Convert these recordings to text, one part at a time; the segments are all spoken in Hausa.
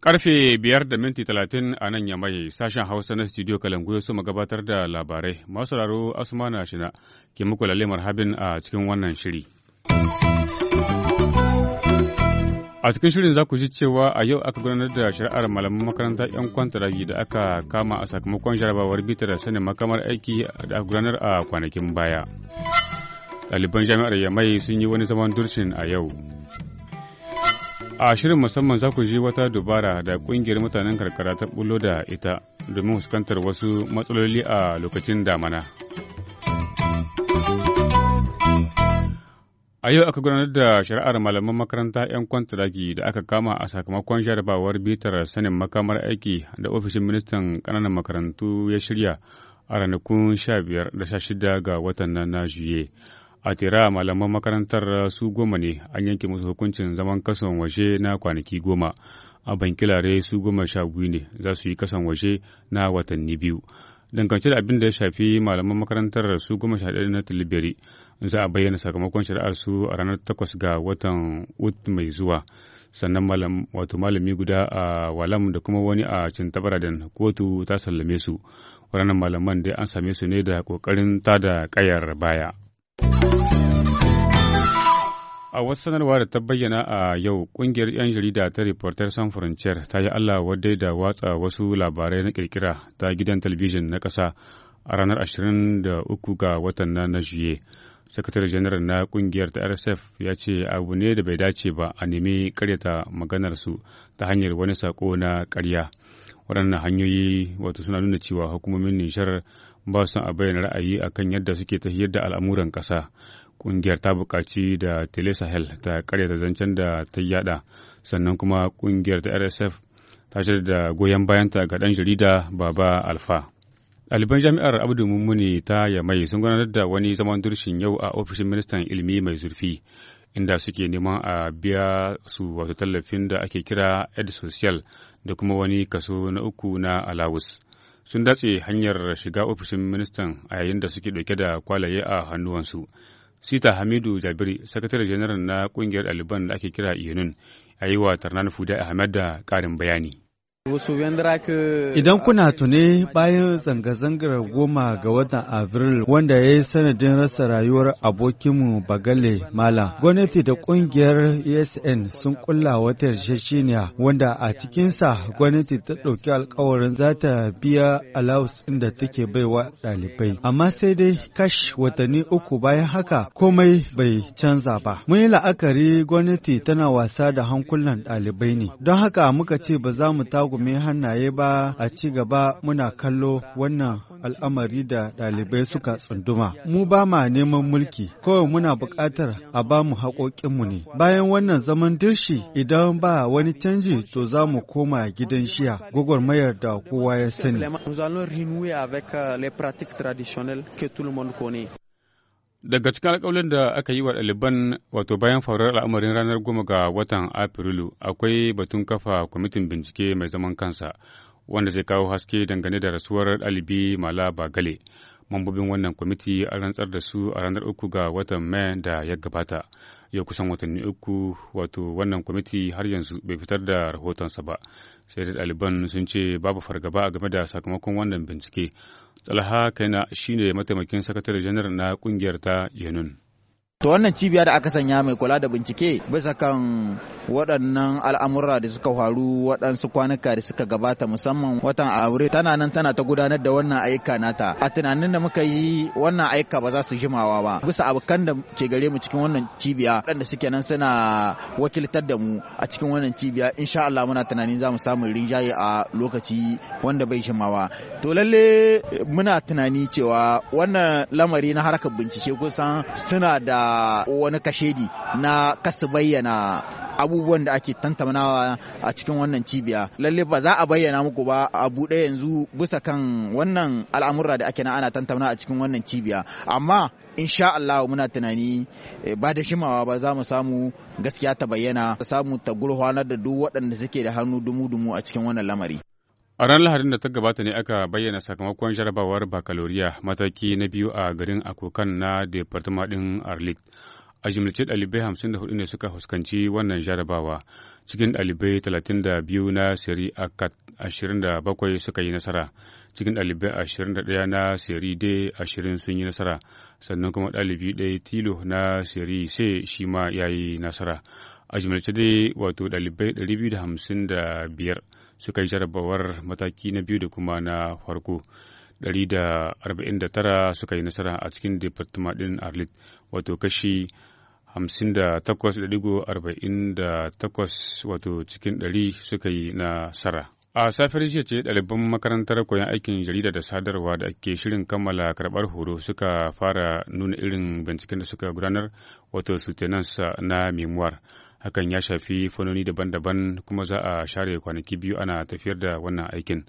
Karfe biyar da minti talatin a nan yamai sashen Hausa na studio Kalangu ya soma gabatar da labarai. Masu raro Asmana Shina ke muku lalle marhabin a cikin wannan shiri. A cikin shirin za ku ji cewa a yau aka gudanar da shari'ar malaman makaranta 'yan kwantaragi da aka kama a sakamakon jarabawar bitar sanin makamar aiki da aka gudanar a kwanakin baya. Ɗaliban jami'ar Yamai sun yi wani zaman durshin a yau. A shirin musamman za ku ji wata dubara da ƙungiyar mutanen karkara ta bulo da ita domin fuskantar wasu matsaloli a lokacin damana. A yau aka gudanar da shari'ar malaman makaranta 'yan kwantiragi da aka kama a sakamakon jarabawar bitar sanin makamar aiki da ofishin ministan ƙananan makarantu ya shirya a ranakun 15 da 16 ga watan nan na juye. A tera malaman makarantar su goma ne an yanke musu hukuncin zaman kasan waje na kwanaki goma. A bankilare su goma sha biyu ne za su yi kasan waje na watanni biyu. Dangance da abin da ya shafi malaman makarantar su goma sha ɗaya na Tilibiri. za a bayyana sakamakon shari'ar su a ranar takwas ga watan ut mai zuwa sannan wato malami guda a walam da kuma wani a cintabaradan kotu ta sallame su ranar malaman dai an same su ne da ta tada kayar baya A wasu sanarwa da ta bayyana a yau, kungiyar 'yan jarida ta reporter san Frontier ta yi Allah wadai da watsa wasu labarai na kirkira ta gidan talabijin na ƙasa a ranar 23 ga watan na na juye. sakatare janar na kungiyar ta rsf ya ce abu ne da bai dace ba a nemi karyata maganarsu ta hanyar wani sako na karya waɗannan hanyoyi wato suna nuna cewa hukumomin nishar ba su a bayyana ra'ayi a kan yadda suke tafiyar da al'amuran ƙasa kungiyar ta buƙaci da tele sahel ta karyata zancen da ta yada sannan kuma kungiyar ta rsf ta shirya da goyon bayanta ga ɗan jarida baba alfa Ɗaliban jami'ar Abdu Mummuni ta Yamai sun gudanar da wani zaman durshin yau a ofishin ministan ilimi mai zurfi inda suke neman a biya su wato tallafin da ake kira ed social da kuma wani kaso na uku na alawus. Sun datse hanyar shiga ofishin ministan a yayin da suke ɗauke da kwalaye a hannuwansu. Sita Hamidu Jabiri, sakatare janar na ƙungiyar ɗaliban da ake kira Yenun, a yi wa Tarnan Fuda Ahmed da ƙarin bayani. Idan kuna tuni bayan zanga-zangar goma ga watan Abril wanda ya yi sanadin rasa rayuwar abokinmu Bagale Mala, gwamnati da kungiyar ESN sun kulla wata yarjejeniya wanda a cikinsa gwamnati ta ɗauki alkawarin za ta biya alawus inda da take baiwa ɗalibai. Amma sai dai kash watanni uku bayan haka komai bai canza ba. Mun yi la'akari gwamnati tana wasa da hankulan ɗalibai ne, don haka muka ce ba za mu tagu takunkumin hannaye ba a ci gaba muna kallo wannan al'amari da ɗalibai suka tsunduma. Mu ba ma neman mulki, kawai muna buƙatar a ba mu haƙoƙinmu ne. Bayan wannan zaman dirshi idan ba wani canji to za mu koma gidan shiya gwagwarmayar da kowa ya sani. Daga cikin alƙawalin da aka yi wa ɗaliban wato bayan faruwar al'amarin ranar goma ga watan Afrilu akwai batun kafa kwamitin bincike mai zaman kansa wanda zai kawo haske dangane da rasuwar ɗalibi Mala Bagale. Mambobin wannan kwamiti an rantsar da su a ranar uku ga watan Mai da ya gabata. Yau kusan watanni uku wato wannan kwamiti har yanzu bai fitar da rahotonsa ba. Sai da ɗaliban sun ce babu fargaba game da sakamakon wannan bincike. Talha Kaina shine mataimakin sakatare janar na kungiyar ta Yanun. To wannan cibiya da aka sanya mai kula da bincike bisa kan waɗannan al'amura da suka faru waɗansu kwanuka da suka gabata musamman watan aure tana nan tana ta gudanar da wannan ayyuka nata. A tunanin da muka yi wannan ayyuka ba za su jimawa ba. Bisa abokan da ke gare mu cikin wannan cibiya waɗanda suke nan suna wakiltar da mu a cikin wannan cibiya insha Allah muna tunanin za mu samu rinjaye a lokaci wanda bai jimawa. To lalle muna tunani cewa wannan lamari na harkar bincike kusan suna da wani kashedi na kasa bayyana abubuwan da ake tantamanawa a cikin wannan cibiya lalle ba za a bayyana muku ba a buɗe yanzu bisa kan wannan al'amurra da ake na ana tantamana a cikin wannan cibiya amma insha Allah muna tunani eh, ba da shimawa ba za mu samu gaskiya ta bayyana samu ta gurhwanar da duk waɗanda suke da hannu dumu-dumu a cikin wannan lamari A ranar Lahadin da ta gabata ne aka bayyana sakamakon jarabawar bakaloriya mataki na biyu a garin Akokan na Departement ɗin Arlit. A jimlice ɗalibai hamsin da hudu ne suka fuskanci wannan jarabawa, cikin ɗalibai talatin da biyu na seri akat ashirin da bakwai suka yi nasara, cikin ɗalibai ashirin da ɗaya na siri d ashirin sun yi nasara, sannan kuma ɗalibi ɗaya tilo na siri c shi ma ya yi nasara. a jimilce dai wato ɗalibai 255 suka yi jarabawar mataki na biyu da kuma na farko 149 suka yi nasara a cikin departama ɗin arlit wato kashi 58.48 wato cikin 100 suka yi nasara. A safiyar jiya ce ɗaliban makarantar koyon aikin jarida da sadarwa da ke shirin kammala karɓar horo suka fara nuna irin binciken da suka gudanar wato sultanansa na memoir. hakan ya shafi fanoni daban-daban kuma za a share kwanaki biyu ana tafiyar da wannan aikin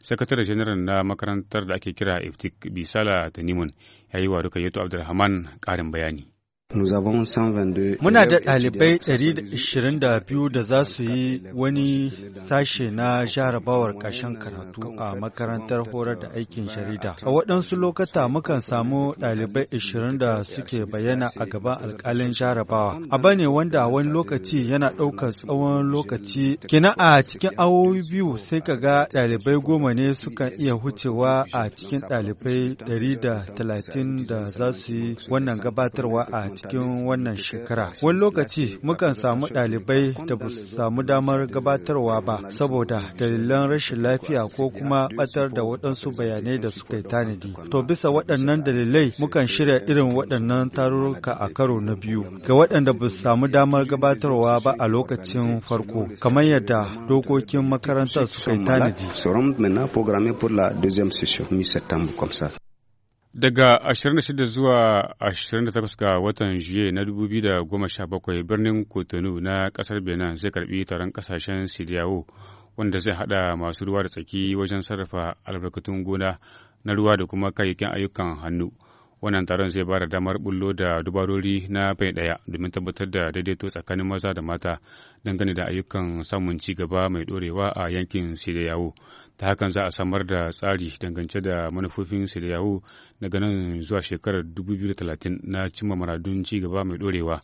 sakatare janaral na makarantar da ake kira iftik bisala tanimun ya yi wa rukayyatu abdulrahman ƙarin bayani Muna da ɗalibai 122 da za su yi wani sashe na jarabawar ƙarshen karatu a makarantar horar da aikin jarida. A waɗansu lokata mukan samu ɗalibai 20 da suke bayyana a gaban alƙalin jarabawa. A bane wanda wani lokaci yana ɗaukar tsawon lokaci. Kina a cikin awowi biyu sai ka ga ɗalibai goma ne sukan iya hucewa a cikin ɗalibai 130 da za su yi wannan gabatarwa a cikin wannan shekara. Wani lokaci mukan samu ɗalibai da ba su samu damar gabatarwa ba saboda dalilan rashin lafiya ko kuma ɓatar da waɗansu bayanai da suka yi tanadi. To bisa waɗannan dalilai mukan shirya irin waɗannan tarurruka a karo na biyu ga waɗanda ba su samu damar gabatarwa ba a lokacin farko kamar yadda dokokin makarantar suka yi tanadi. Daga 26 zuwa 28 ga watan Juye na 2017 birnin Kotonu na ƙasar Benin zai karbi taron kasashen Sidiyawo wanda zai hada masu ruwa da tsaki wajen sarrafa albarkatun gona na ruwa da kuma kayayyakin ayyukan hannu. wannan taron zai ba da damar bullo da dubarori na bai daya domin tabbatar da daidaito tsakanin maza da mata dangane da ayyukan samun ci gaba mai dorewa a yankin siriyawo ta hakan za a samar da tsari dangance da manufofin yahu daga nan zuwa shekarar 2030 na cimma maradun ci gaba mai dorewa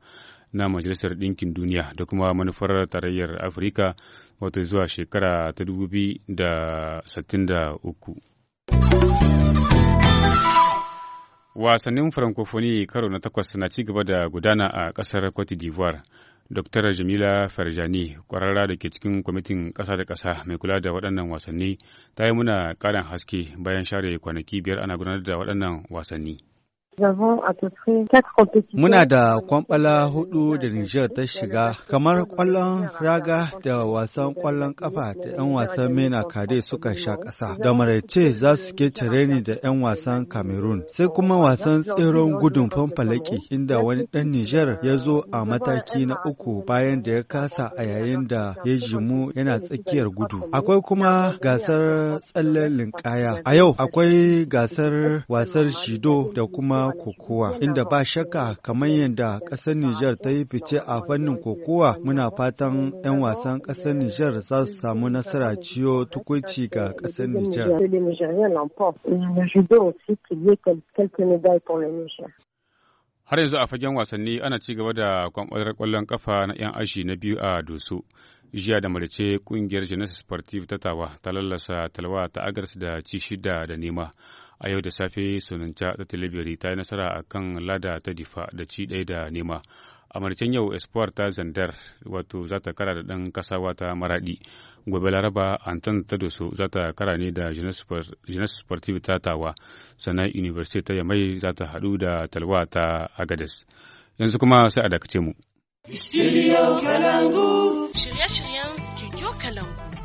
na majalisar ɗinkin duniya da kuma manufar tarayyar afirka wato zuwa shekara ta 2063 Wasannin Francophonie karo na takwas na ci gaba da gudana a ƙasar Cote d'Ivoire. Dr. Jamila Farjani, kwararra da ke cikin kwamitin ƙasa da ƙasa mai kula da waɗannan wasanni, ta yi muna ƙarin haske bayan share kwanaki biyar ana gudanar da waɗannan wasanni. Muna da kwamfala hudu da Nijar ta shiga, kamar kwallon raga da wasan kwallon kafa da 'yan wasan Mena Kade suka sha ƙasa. Da maraice za su ke ni da 'yan wasan Cameroon. Sai kuma wasan tseron gudun fanfalaki inda wani ɗan Nijar ya zo a mataki na uku bayan da ya kasa a yayin da ya jimu yana tsakiyar gudu. Akwai kuma gasar tsallen linkaya. A yau akwai gasar wasar shido da kuma kokowa, inda ba shakka kamar yadda ƙasar Nijar ta yi fice a fannin kokowa muna fatan 'yan wasan ƙasar Nijar za su samu nasara ciyo tukunci ga ƙasar Nijar. Har yanzu a fagen wasanni ana ci gaba da kwamfutar kwallon kafa na 'yan ashi na biyu a Doso. Jiya da marice kungiyar Genesis Sportive ta tawa ta lallasa talwa ta agarsu da ci shida da nema. a yau da safe sunanta ta talibiri ta yi nasara a kan lada ta difa da ci ɗaya da nema a marcin yau espoir ta zandar wato za ta kara da ɗan kasawa ta maraɗi gobe laraba antan ta doso za ta kara ne da jeunesse sportif ta tawa sannan university ta yamai za ta haɗu da talwa ta agades yanzu kuma sai a dakace mu.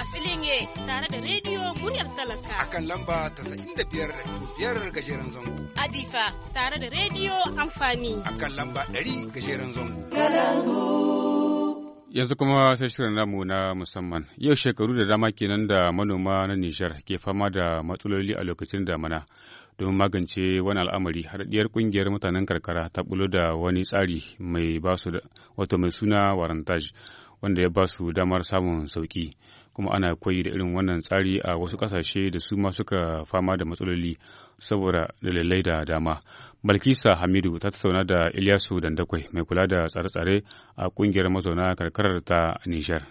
a filin ye tare da rediyo muryar talaka a kan lamba da biyar gajeren zango adifa tare da rediyo amfani a kan lamba 100 gajeren zango yanzu kuma sai shirin namu na musamman yau shekaru da dama kenan da manoma na nijar ke fama da matsaloli a lokacin damana domin magance wani al'amari haɗaɗɗiyar ƙungiyar mutanen karkara ta bulo da wani tsari mai basu wato mai suna warantaj wanda ya basu damar samun sauƙi kuma ana koyi da irin wannan tsari a wasu kasashe da su ma suka fama da matsaloli saboda dalilai da dama. Balkisa Hamidu ta tattauna da Ilyasu Dandakwai mai kula da tsare-tsare a ƙungiyar mazauna karkarar ta Nijar.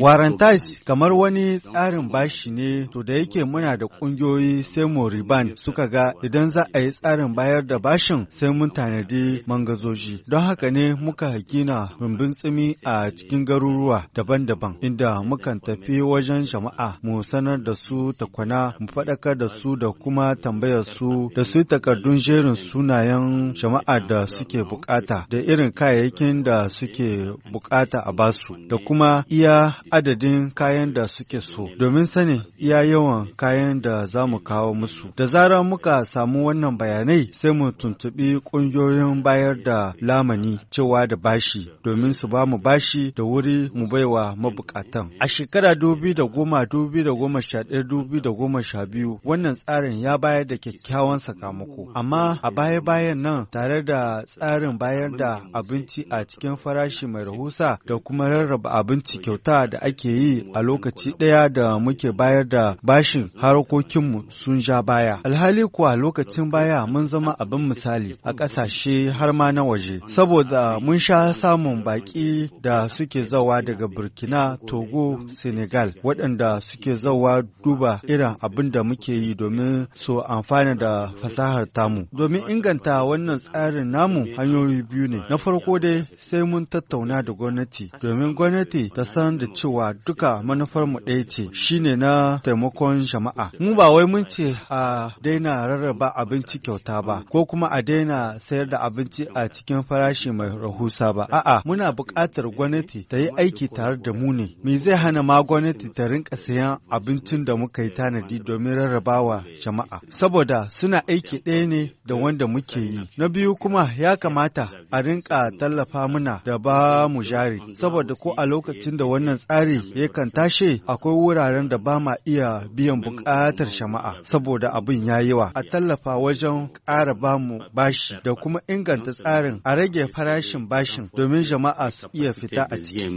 Warantaj kamar wani tsarin bashi ne to da yake muna da ƙungiyoyi sai mu riban suka ga idan za a yi tsarin bayar da bashin sai mun tanadi mangazoji. Don haka ne muka hakina rumbin tsimi a cikin garuruwa daban-daban inda mukan tafi wajen jama'a mu sanar da su takwana mu faɗakar da su da kuma tambayar su da su takardun jerin sunayen jama'a da suke bukata da irin kayayyakin da suke bukata. bukata a basu da kuma iya adadin kayan da suke so domin sanin iya yawan kayan da za mu kawo musu. Da zarar muka samu wannan bayanai sai mu tuntubi ƙungiyoyin bayar da lamani cewa da bashi domin su ba mu bashi da wuri mu baiwa mabukatan. A shekara dubi da goma dubi da goma sha dubi da goma sha biyu wannan tsarin ya bayar da kyakkyawan sakamako. Amma a baya-bayan nan tare da tsarin bayar da abinci a cikin farashi mai rahusa ƙasa da kuma rarraba abinci kyauta da ake yi a lokaci ɗaya da muke bayar da bashin harkokinmu sun ja baya. Alhali kuwa lokacin baya mun zama abin misali a ƙasashe har ma na waje, saboda mun sha samun baƙi da suke zawa daga Burkina, Togo, Senegal, waɗanda suke zawa duba irin abin da muke yi domin su amfana da fasahar tamu. Domin inganta wannan tsarin namu hanyoyi biyu ne. Na farko dai sai mun tattauna da gwamnati gwamnati domin gwamnati ta san da cewa duka manufarmu ɗaya ce shine na taimakon jama'a. Mu ba wai mun ce a daina rarraba abinci kyauta ba ko kuma a daina sayar da abinci a cikin farashi mai rahusa ba. A'a muna buƙatar gwamnati ta yi aiki tare da mu ne. Me zai hana ma gwamnati ta rinka sayan abincin da muka yi tanadi domin rarrabawa jama'a. Saboda suna aiki ɗaya ne da wanda muke yi. Na biyu kuma ya kamata a rinka tallafa muna da ba mu jari saboda ko a lokacin da wannan tsari ya kan tashe akwai wuraren da ba ma iya biyan bukatar shama'a saboda abin ya yi yawa a tallafa wajen ƙara bamu bashi da kuma inganta tsarin a rage farashin bashin domin jama'a su iya fita a ciki.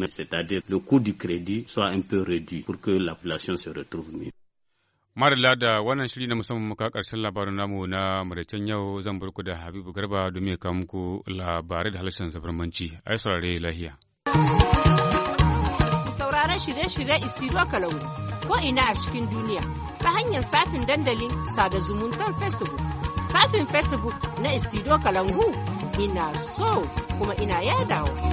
mara lada wannan shiri na musamman muka karshen labarin namu na maraicen yau zan burku da Habibu Garba domin ya kawo muku labarai da halashen zabarmanci. Ai saurare lahiya. Sauraron shirye-shirye Istiro Kalau ko ina a cikin duniya ta hanyar safin dandalin sada zumuntar Facebook. Safin Facebook na Istiro Kalangu ina so kuma ina yadawa.